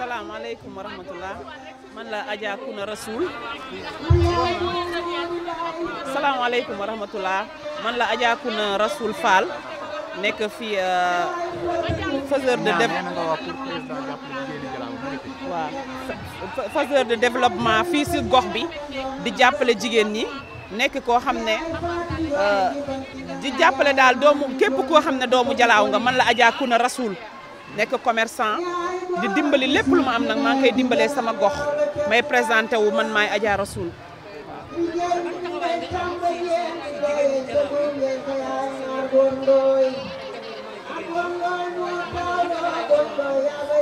salaamaaleykum wa rahmatulah man la Adja Kouna Rasoul salaamaaleykum wa rahmatulah man la Adja Kouna Rasoul Fall nekk fi euh, faiseur de dé. waaw développement fii si gox bi di jàppale jigéen ñi nekk koo xam ne euh, di jàppale daal doomu képp koo xam ne doomu jalaaw nga man la Adja Kouna Rasoul nekk commerçant. di dimbali lépp lu ma am nag maa ngi koy dimbalee sama gox may présenté wu man maay Adja Rasoul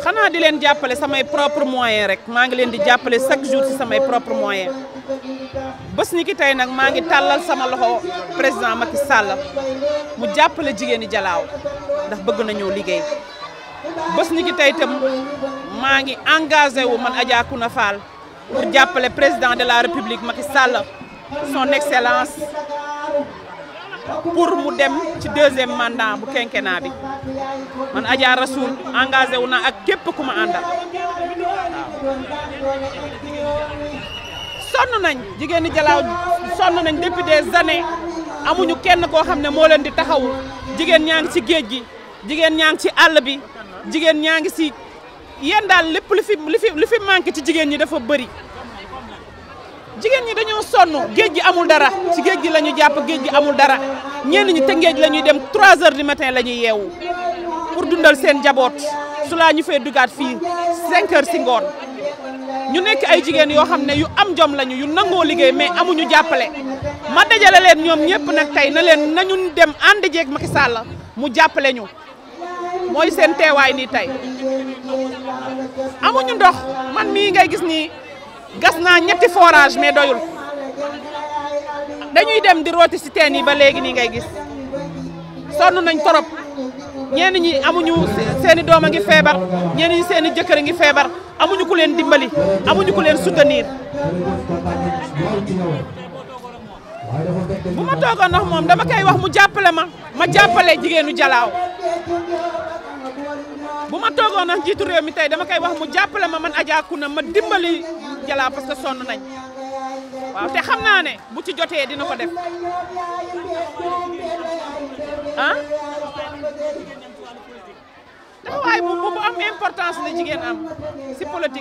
xanaa di leen jàppale samay propre moyen rek maa ngi leen di jàppale chaque jour ci samay propre moyen bés ni ki tey nag maa ngi tàllal sama loxo président Macky Sall mu jàppale jigéeni Jalaaw ndax bëgg nañoo liggéey bés ni ki tay tam maa ngi engagé wu man Adja Kouna Fall pour jàppale président de la république Macky Sall son excellence pour mu dem ci deuxième mandat bu quinquennat bi man Adja Rasoul engagé wu naa ak képp ku ma àndal sonn nañ jigéen ni Jalaaw sonn nañ depuis des années amuñu kenn koo xam ne moo leen di taxawu jigéen ñaa ngi ci géej gi jigéen ñaa ngi ci àll bi jigéen ñaa ngi si yéen daal lépp lu fi lu fi lu ci jigéen ñi dafa bëri jigéen ñi dañoo sonn géej gi amul dara si géej gi la ñu jàpp géej gi amul dara ñenn ñi tëngéej la ñuy dem 3 heures du matin la ñuy yeewu pour dundal seen jaboot su laa ñu fee dugaat fii 5 si ngoon ñu nekk ay jigéen yoo xam ne yu am jom lañu yu nangoo liggéey mais amuñu jàppale ma dajale leen ñoom ñëpp nag tey na leen nañu dem ànd jeeg Macky Sall mu jàppale ñu moy sen wa ni tay. amuñu ndox man mi ngay gis ni gas naa ñetti forage mais doyul dañuy dem di roti ci teen yi ba léegi ni ngay gis sonu nañ torop ñen ñi amuñu seeni doom a ngi febar. ñenn ñi seeni jëkkër a ngi feebar amuñu ku leen dimbali amuñu ku leen soutenir bu ma toogoon mom dama kay wax mu jappale ma ma jappale jigenu Jalaaw bu ma toogoon ak njiitu réew mi tey dama koy wax mu jàppale ma man Adja Kouna ma dimbali Jalla parce que sonn nañ waaw te xam naa ne bu ci jotee dina ko def ah taxawaay bu bu am importance la jigéen am si politique.